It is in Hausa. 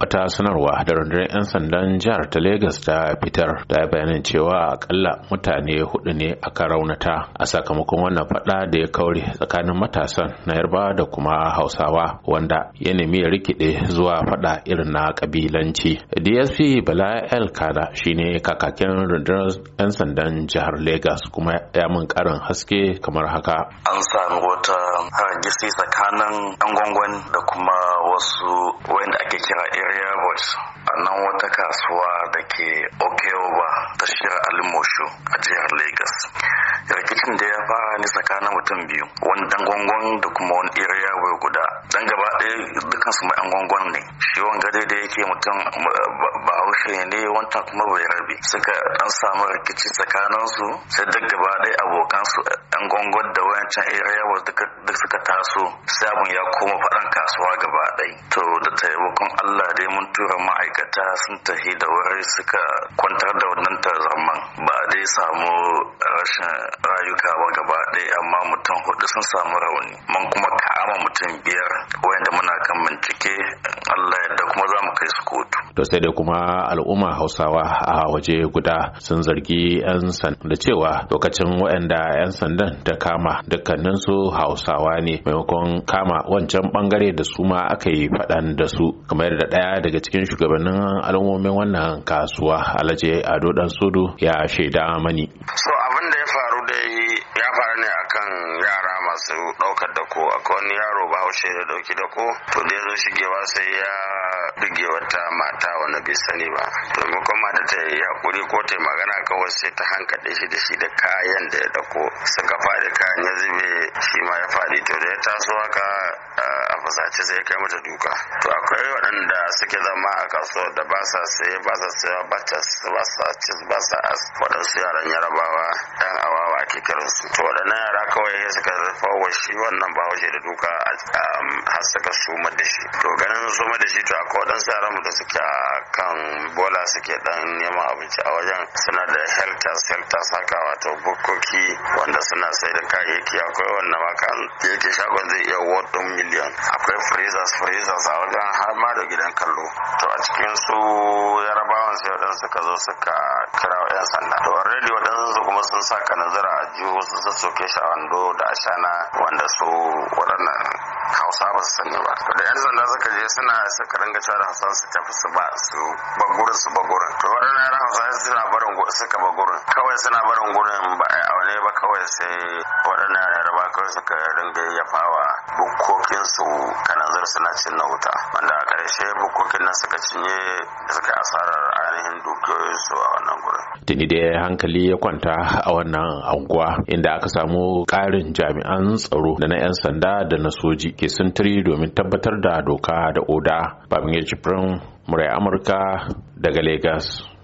wata sanarwa da rundunar 'yan sandan jihar ta Legas ta fitar ta bayanin cewa akalla mutane hudu ne aka raunata a sakamakon wannan fada da ya kauri, tsakanin matasan na yarba da kuma hausawa wanda ya nemi ya rikide zuwa fada irin na kabilanci dsp bala el kada shine kakakin rundunar 'yan sandan jihar Legas kuma ya mun karin haske kamar haka an sami wata hargitsi tsakanin 'yan gwangwan da kuma wasu wanda ake kira irin zaria boys a nan wata kasuwa da ke okeoba ta shirya alimoshu a jihar lagos rikicin da ya fara ni tsakanin mutum biyu wani dangwangon da kuma wani iriya guda dan gaba ɗaya dukkan su ma'an gwangon ne shi wanga da yake mutum haushe ne wancan kuma bai rabe suka dan samu rikici tsakanin su sai duk gaba ɗaya abokan su yan gwangon da wayancan area duk suka taso sai abun ya koma faɗan kasuwa gaba ɗaya to da taimakon Allah dai mun tura ma'aikata sun tafi da wuri suka kwantar da wannan tarzaman ba dai samu rashin rayuka ba gaba ɗaya amma mutum hudu sun samu rauni mun kuma kama mutum biyar wayanda muna kan bincike Allah yadda kuma za mu kai su kotu. To sai dai kuma al'umma Hausawa a waje guda sun zargi 'yan sanda da cewa lokacin wayanda 'yan sandan ta kama dukkanin su Hausawa ne maimakon kama wancan bangare da su ma aka yi faɗan da su kamar da ɗaya daga cikin shugabannin al'ummomin wannan kasuwa Alhaji Ado Dan Sudu ya shaida mani. So abin da ya faru yara masu ɗaukar dako akwai wani yaro ba bahaushe dauki da ko to da ya zo shigewa sai ya buge wata mata wanda bai sani ba to maimakon mata ta yi hakuri ko ta yi magana kawai sai ta hankali shi da shi da kayan da ya ɗauko suka faɗi kayan ya zube shi ma ya faɗi to da ya taso haka a fasace sai ya kai mata duka to akwai waɗanda suke zama a kaso da ba sa saye ba sa saye ba sa ba sa waɗansu yaran yarabawa yan awa ake su to waɗannan yara kawai ya suka wa shi wannan ba waje da duka har suka suma da shi to ganin suma da shi to akwai waɗansu yaran da suke kan yara suke dan neman abinci a wajen suna da helters helters haka wato bukkoki wanda suna sai da kayayyaki akwai wanda maka yake shagon zai iya ward din miliyan akwai freezers freezers a wajen har ma da gidan kallo to a cikin su yarabawan sai suka zo suka kira yan sanda to already wadansu kuma sun saka nazara a jiho su soke shawando da ashana wanda su waɗannan matasa su sanya ba to da yan sanda suka je suna suka ringa cewa da hausa su tafi su ba su bagurin su bagurin to waɗannan yaran hausa suna barin suka bagurin kawai suna barin gurin ba a aure ba kawai sai waɗannan yaran ba kawai suka ringa yafawa bukokinsu kananzar suna cin na wuta wanda sai bukokin nan suka cinye suka asarar ainihin su a wannan gurin. Tuni da hankali ya kwanta a wannan anguwa inda aka samu ƙarin jami'an tsaro da na 'yan sanda da na soji ke sintiri domin tabbatar da doka da oda. Babin Firin, Murai Amurka daga Legas.